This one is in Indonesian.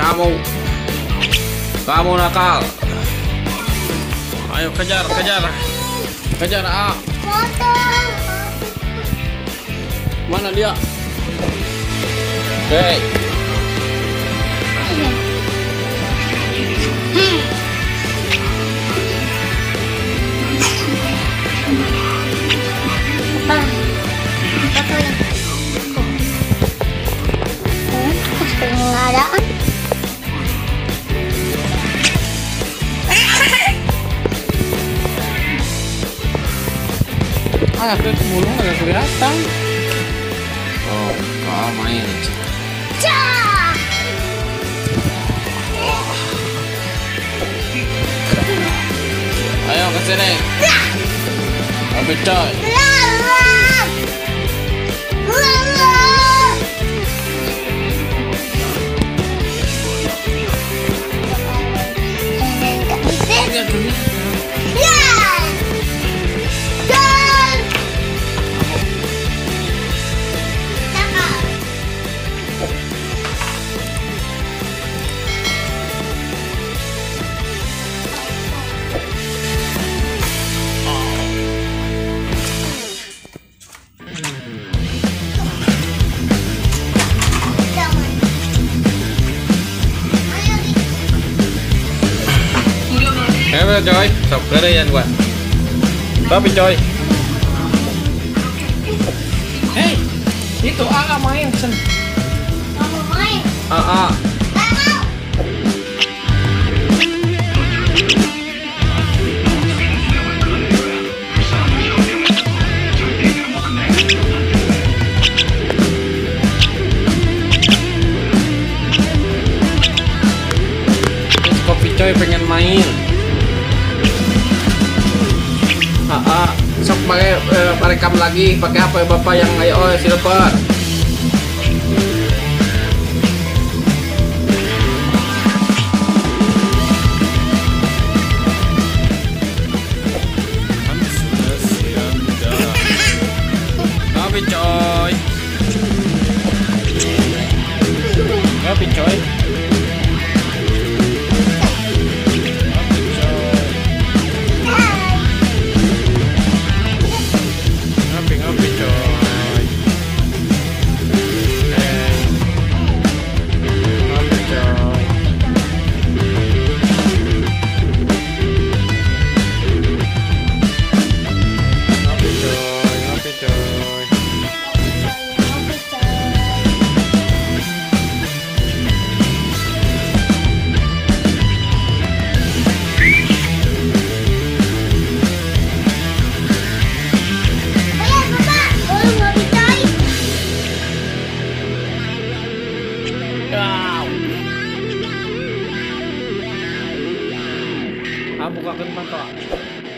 Kamu Kamu nakal Ayo kejar, kejar Kejar, ah Mana dia? Hei Hmm, ada. aku pemulung ya, nggak kelihatan oh kau main aja ayo ke sini kami ya. kéo coy, chơi sọc ra đây anh Hoàng top đi chơi hei itu ala main sen ala main ah ah coy pengen main pakai uh, eh, rekam lagi pakai apa ya bapak yang iOS oh, silver 我跟班长。